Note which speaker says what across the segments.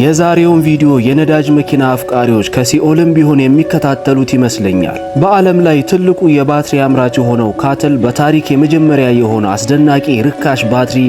Speaker 1: የዛሬውን ቪዲዮ የነዳጅ መኪና አፍቃሪዎች ከሲኦልም ቢሆን የሚከታተሉት ይመስለኛል። በዓለም ላይ ትልቁ የባትሪ አምራች የሆነው ካትል በታሪክ የመጀመሪያ የሆነ አስደናቂ ርካሽ ባትሪ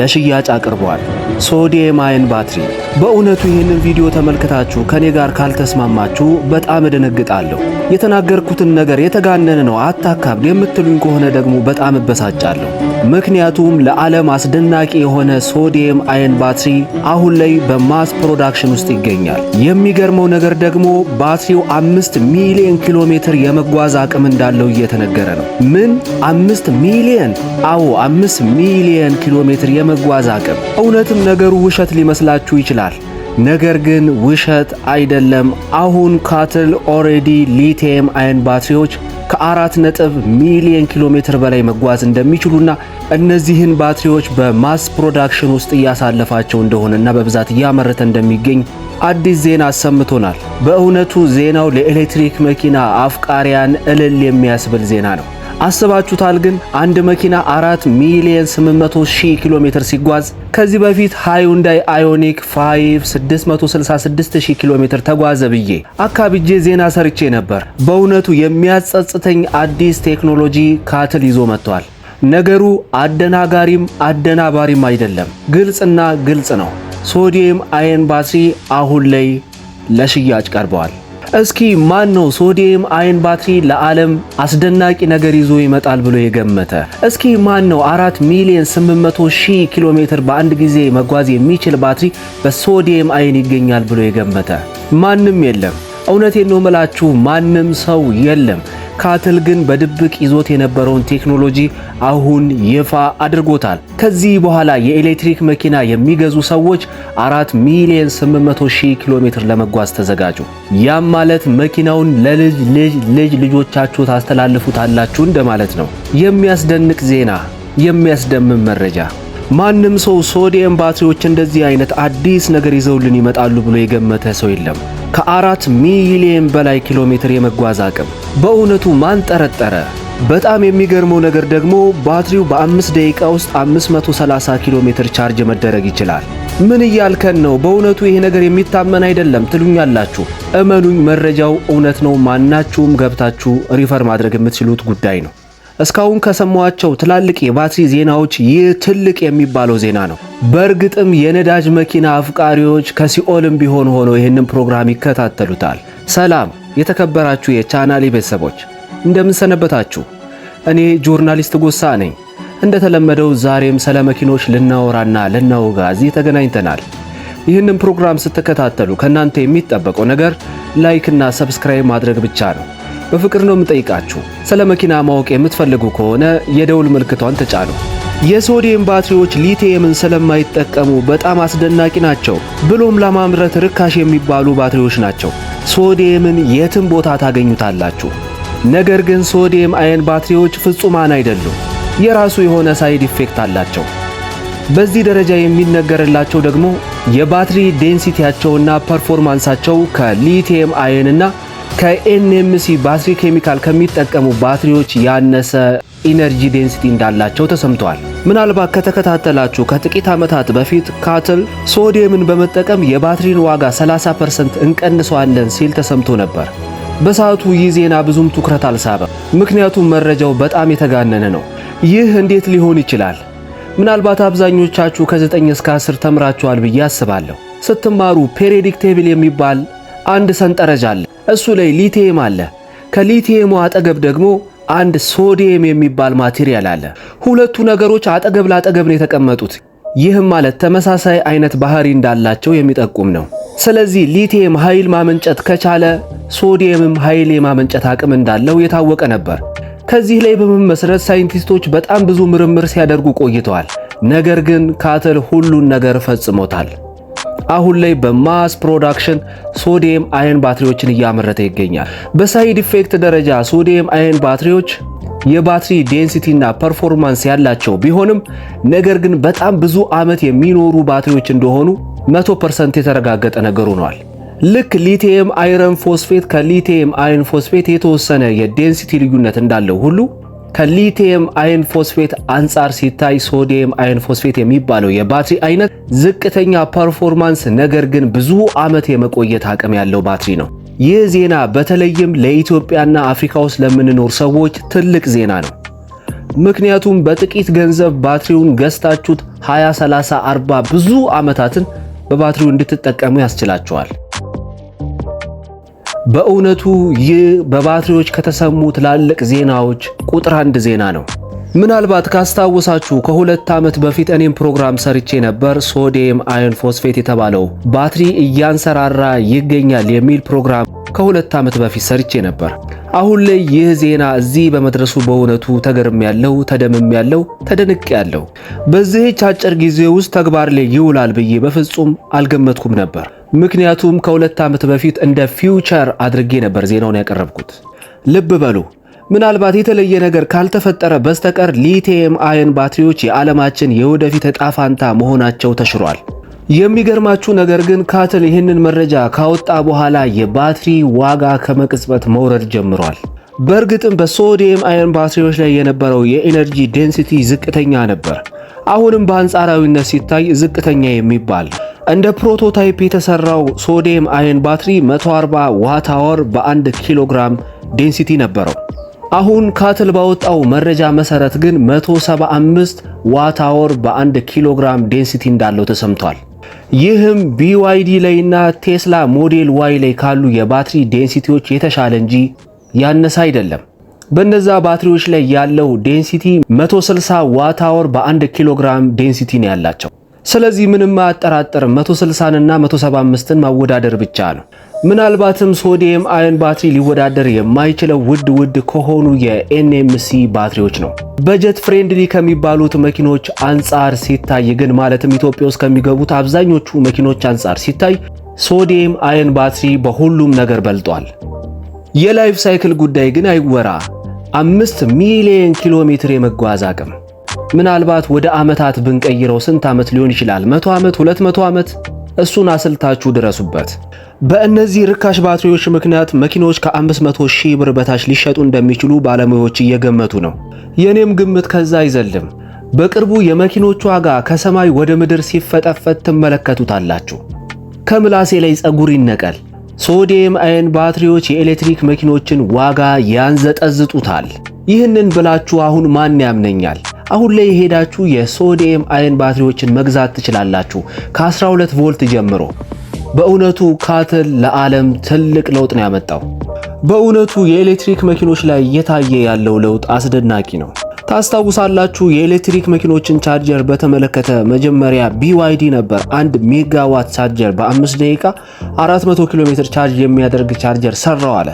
Speaker 1: ለሽያጭ አቅርቧል። ሶዲየም አይን ባትሪ። በእውነቱ ይህንን ቪዲዮ ተመልክታችሁ ከኔ ጋር ካልተስማማችሁ በጣም እደነግጣለሁ። የተናገርኩትን ነገር የተጋነነ ነው አታካብ የምትሉኝ ከሆነ ደግሞ በጣም እበሳጫለሁ። ምክንያቱም ለዓለም አስደናቂ የሆነ ሶዲየም አይን ባትሪ አሁን ላይ በማስ ፕሮዳክሽን ውስጥ ይገኛል። የሚገርመው ነገር ደግሞ ባትሪው አምስት ሚሊዮን ኪሎ ሜትር የመጓዝ አቅም እንዳለው እየተነገረ ነው። ምን አምስት ሚሊዮን? አዎ አምስት ሚሊዮን ኪሎ ሜትር የመጓዝ አቅም። እውነትም ነገሩ ውሸት ሊመስላችሁ ይችላል። ነገር ግን ውሸት አይደለም። አሁን ካትል ኦሬዲ ሊቲየም አየን ባትሪዎች ከአራት ነጥብ ሚሊዮን ኪሎ ሜትር በላይ መጓዝ እንደሚችሉና እነዚህን ባትሪዎች በማስ ፕሮዳክሽን ውስጥ እያሳለፋቸው እንደሆነና በብዛት እያመረተ እንደሚገኝ አዲስ ዜና አሰምቶናል። በእውነቱ ዜናው ለኤሌክትሪክ መኪና አፍቃሪያን እልል የሚያስብል ዜና ነው። አስባችሁታል ግን አንድ መኪና 4 ሚሊዮን 800 ሺህ ኪሎ ሜትር ሲጓዝ ከዚህ በፊት ሃዩንዳይ አዮኒክ 5 666 ሺህ ኪሎ ሜትር ተጓዘ ብዬ አካብጄ ዜና ሰርቼ ነበር። በእውነቱ የሚያጸጽተኝ አዲስ ቴክኖሎጂ ካትል ይዞ መጥቷል። ነገሩ አደናጋሪም አደናባሪም አይደለም፣ ግልጽና ግልጽ ነው። ሶዲየም አየን ባትሪ አሁን ላይ ለሽያጭ ቀርበዋል። እስኪ ማን ነው ሶዲየም አየን ባትሪ ለዓለም አስደናቂ ነገር ይዞ ይመጣል ብሎ የገመተ? እስኪ ማን ነው 4 ሚሊዮን 800 ሺህ ኪሎ ሜትር በአንድ ጊዜ መጓዝ የሚችል ባትሪ በሶዲየም አየን ይገኛል ብሎ የገመተ? ማንም የለም። እውነቴን ነው የምላችሁ ማንም ሰው የለም። ካትል ግን በድብቅ ይዞት የነበረውን ቴክኖሎጂ አሁን ይፋ አድርጎታል። ከዚህ በኋላ የኤሌክትሪክ መኪና የሚገዙ ሰዎች 4 ሚሊዮን 800 ሺህ ኪሎ ሜትር ለመጓዝ ተዘጋጁ። ያም ማለት መኪናውን ለልጅ ልጅ ልጅ ልጆቻችሁ ታስተላልፉታላችሁ እንደማለት ነው። የሚያስደንቅ ዜና፣ የሚያስደምም መረጃ ማንም ሰው ሶዲየም ባትሪዎች እንደዚህ አይነት አዲስ ነገር ይዘውልን ይመጣሉ ብሎ የገመተ ሰው የለም። ከአራት ሚሊየን በላይ ኪሎ ሜትር የመጓዝ አቅም በእውነቱ ማን ጠረጠረ? በጣም የሚገርመው ነገር ደግሞ ባትሪው በአምስት ደቂቃ ውስጥ 530 ኪሎ ሜትር ቻርጅ መደረግ ይችላል። ምን እያልከን ነው? በእውነቱ ይሄ ነገር የሚታመን አይደለም ትሉኛላችሁ። እመኑኝ፣ መረጃው እውነት ነው። ማናችሁም ገብታችሁ ሪፈር ማድረግ የምትችሉት ጉዳይ ነው። እስካሁን ከሰማቸው ትላልቅ የባትሪ ዜናዎች ይህ ትልቅ የሚባለው ዜና ነው። በእርግጥም የነዳጅ መኪና አፍቃሪዎች ከሲኦልም ቢሆን ሆነው ይህንን ፕሮግራም ይከታተሉታል። ሰላም የተከበራችሁ የቻናሌ ቤተሰቦች እንደምንሰነበታችሁ። እኔ ጆርናሊስት ጎሳ ነኝ። እንደተለመደው ዛሬም ስለ መኪኖች ልናወራና ልናወጋ እዚህ ተገናኝተናል። ይህንን ፕሮግራም ስትከታተሉ ከእናንተ የሚጠበቀው ነገር ላይክና ሰብስክራይብ ማድረግ ብቻ ነው። በፍቅር ነው የምጠይቃችሁ። ስለ መኪና ማወቅ የምትፈልጉ ከሆነ የደውል ምልክቷን ተጫኑ። የሶዲየም ባትሪዎች ሊቲየምን ስለማይጠቀሙ በጣም አስደናቂ ናቸው፣ ብሎም ለማምረት ርካሽ የሚባሉ ባትሪዎች ናቸው። ሶዲየምን የትም ቦታ ታገኙታላችሁ። ነገር ግን ሶዲየም አየን ባትሪዎች ፍጹማን አይደሉም። የራሱ የሆነ ሳይድ ኢፌክት አላቸው። በዚህ ደረጃ የሚነገርላቸው ደግሞ የባትሪ ዴንሲቲያቸውና ፐርፎርማንሳቸው ከሊቲየም አየንና ከኤንኤምሲ ባትሪ ኬሚካል ከሚጠቀሙ ባትሪዎች ያነሰ ኢነርጂ ዴንሲቲ እንዳላቸው ተሰምቷል። ምናልባት ከተከታተላችሁ ከጥቂት ዓመታት በፊት ካትል ሶዲየምን በመጠቀም የባትሪን ዋጋ 30% እንቀንሰዋለን ሲል ተሰምቶ ነበር። በሰዓቱ ይህ ዜና ብዙም ትኩረት አልሳበም፣ ምክንያቱም መረጃው በጣም የተጋነነ ነው። ይህ እንዴት ሊሆን ይችላል? ምናልባት አብዛኞቻችሁ ከ9 እስከ 10 ተምራችኋል ብዬ አስባለሁ። ስትማሩ ፔሬዲክቴብል የሚባል አንድ ሰንጠረዥ አለ። እሱ ላይ ሊቲየም አለ። ከሊቲየሙ አጠገብ ደግሞ አንድ ሶዲየም የሚባል ማቴሪያል አለ። ሁለቱ ነገሮች አጠገብ ላጠገብ ነው የተቀመጡት። ይህም ማለት ተመሳሳይ አይነት ባህሪ እንዳላቸው የሚጠቁም ነው። ስለዚህ ሊቲየም ኃይል ማመንጨት ከቻለ ሶዲየምም ኃይል የማመንጨት አቅም እንዳለው የታወቀ ነበር። ከዚህ ላይ በመመስረት ሳይንቲስቶች በጣም ብዙ ምርምር ሲያደርጉ ቆይተዋል። ነገር ግን ካትል ሁሉን ነገር ፈጽሞታል። አሁን ላይ በማስ ፕሮዳክሽን ሶዲየም አየን ባትሪዎችን እያመረተ ይገኛል። በሳይድ ኢፌክት ደረጃ ሶዲየም አየን ባትሪዎች የባትሪ ዴንሲቲ እና ፐርፎርማንስ ያላቸው ቢሆንም ነገር ግን በጣም ብዙ ዓመት የሚኖሩ ባትሪዎች እንደሆኑ 100% የተረጋገጠ ነገር ሆኗል። ልክ ሊቲየም አይረን ፎስፌት ከሊቲየም አይረን ፎስፌት የተወሰነ የዴንሲቲ ልዩነት እንዳለው ሁሉ ከሊቲየም አየን ፎስፌት አንጻር ሲታይ ሶዲየም አየን ፎስፌት የሚባለው የባትሪ አይነት ዝቅተኛ ፐርፎርማንስ፣ ነገር ግን ብዙ ዓመት የመቆየት አቅም ያለው ባትሪ ነው። ይህ ዜና በተለይም ለኢትዮጵያና አፍሪካ ውስጥ ለምንኖር ሰዎች ትልቅ ዜና ነው። ምክንያቱም በጥቂት ገንዘብ ባትሪውን ገዝታችሁት 20፣ 30፣ 40 ብዙ ዓመታትን በባትሪው እንድትጠቀሙ ያስችላችኋል። በእውነቱ ይህ በባትሪዎች ከተሰሙ ትላልቅ ዜናዎች ቁጥር አንድ ዜና ነው። ምናልባት ካስታወሳችሁ ከሁለት ዓመት በፊት እኔም ፕሮግራም ሰርቼ ነበር። ሶዲየም አዮን ፎስፌት የተባለው ባትሪ እያንሰራራ ይገኛል የሚል ፕሮግራም ከሁለት ዓመት በፊት ሰርቼ ነበር። አሁን ላይ ይህ ዜና እዚህ በመድረሱ በእውነቱ ተገርም ያለው ተደምም ያለው ተደንቅ ያለው በዚህች አጭር ጊዜ ውስጥ ተግባር ላይ ይውላል ብዬ በፍጹም አልገመትኩም ነበር። ምክንያቱም ከሁለት ዓመት በፊት እንደ ፊውቸር አድርጌ ነበር ዜናውን ያቀረብኩት። ልብ በሉ ምናልባት የተለየ ነገር ካልተፈጠረ በስተቀር ሊቲየም አየን ባትሪዎች የዓለማችን የወደፊት እጣ ፋንታ መሆናቸው ተሽሯል። የሚገርማችሁ ነገር ግን ካትል ይህንን መረጃ ካወጣ በኋላ የባትሪ ዋጋ ከመቅጽበት መውረድ ጀምሯል። በእርግጥም በሶዲየም አየን ባትሪዎች ላይ የነበረው የኤነርጂ ዴንሲቲ ዝቅተኛ ነበር። አሁንም በአንጻራዊነት ሲታይ ዝቅተኛ የሚባል እንደ ፕሮቶታይፕ የተሰራው ሶዲየም አየን ባትሪ 140 ዋት አወር በ1 ኪሎግራም ዴንሲቲ ነበረው። አሁን ካትል ባወጣው መረጃ መሰረት ግን 175 ዋታወር አወር በአንድ ኪሎ ግራም ዴንሲቲ እንዳለው ተሰምቷል። ይህም BYD ላይና ቴስላ ሞዴል ዋይ ላይ ካሉ የባትሪ ዴንሲቲዎች የተሻለ እንጂ ያነሰ አይደለም። በነዛ ባትሪዎች ላይ ያለው ዴንሲቲ 160 ዋታወር በ በአንድ ኪሎ ግራም ዴንሲቲ ነው ያላቸው። ስለዚህ ምንም አያጠራጥርም 160ንና 175ን ማወዳደር ብቻ ነው። ምናልባትም ሶዲየም አየን ባትሪ ሊወዳደር የማይችለው ውድ ውድ ከሆኑ የኤንኤምሲ ባትሪዎች ነው። በጀት ፍሬንድሊ ከሚባሉት መኪኖች አንጻር ሲታይ ግን ማለትም ኢትዮጵያ ውስጥ ከሚገቡት አብዛኞቹ መኪኖች አንጻር ሲታይ ሶዲየም አየን ባትሪ በሁሉም ነገር በልጧል። የላይፍ ሳይክል ጉዳይ ግን አይወራ። አምስት ሚሊዮን ኪሎ ሜትር የመጓዝ አቅም ምናልባት ወደ ዓመታት ብንቀይረው ስንት ዓመት ሊሆን ይችላል? መቶ ዓመት፣ ሁለት መቶ ዓመት እሱን አስልታችሁ ድረሱበት። በእነዚህ ርካሽ ባትሪዎች ምክንያት መኪኖች ከ500 ሺህ ብር በታች ሊሸጡ እንደሚችሉ ባለሙያዎች እየገመቱ ነው። የኔም ግምት ከዛ አይዘልም። በቅርቡ የመኪኖቹ ዋጋ ከሰማይ ወደ ምድር ሲፈጠፈጥ ትመለከቱታላችሁ። ከምላሴ ላይ ጸጉር ይነቀል። ሶዲየም አየን ባትሪዎች የኤሌክትሪክ መኪኖችን ዋጋ ያንዘጠዝጡታል። ይህንን ብላችሁ አሁን ማን ያምነኛል? አሁን ላይ የሄዳችሁ የሶዲየም አየን ባትሪዎችን መግዛት ትችላላችሁ ከ12 ቮልት ጀምሮ። በእውነቱ ካትል ለዓለም ትልቅ ለውጥ ነው ያመጣው። በእውነቱ የኤሌክትሪክ መኪኖች ላይ እየታየ ያለው ለውጥ አስደናቂ ነው። ታስታውሳላችሁ የኤሌክትሪክ መኪኖችን ቻርጀር በተመለከተ መጀመሪያ ቢዋይዲ ነበር አንድ ሜጋዋት ቻርጀር በአምስት ደቂቃ 400 ኪሎ ሜትር ቻርጅ የሚያደርግ ቻርጀር ሰራው አለ።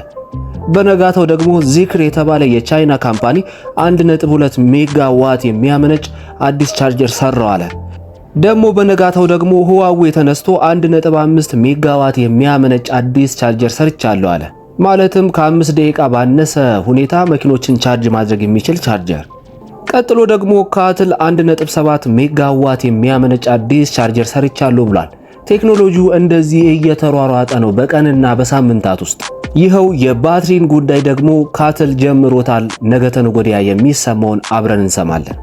Speaker 1: በነጋታው ደግሞ ዚክር የተባለ የቻይና ካምፓኒ 1.2 ሜጋዋት የሚያመነጭ አዲስ ቻርጀር ሰራው አለ። ደግሞ በነጋታው ደግሞ ሁዋዌ ተነስቶ 1.5 ሜጋዋት የሚያመነጭ አዲስ ቻርጀር ሰርቻለሁ አለ። ማለትም ከአምስት ደቂቃ ባነሰ ሁኔታ መኪኖችን ቻርጅ ማድረግ የሚችል ቻርጀር። ቀጥሎ ደግሞ ካትል 1.7 ሜጋዋት የሚያመነጭ አዲስ ቻርጀር ሰርቻለሁ ብሏል። ቴክኖሎጂው እንደዚህ እየተሯሯጠ ነው በቀንና በሳምንታት ውስጥ። ይኸው የባትሪን ጉዳይ ደግሞ ካትል ጀምሮታል። ነገ ተነገ ወዲያ የሚሰማውን አብረን እንሰማለን።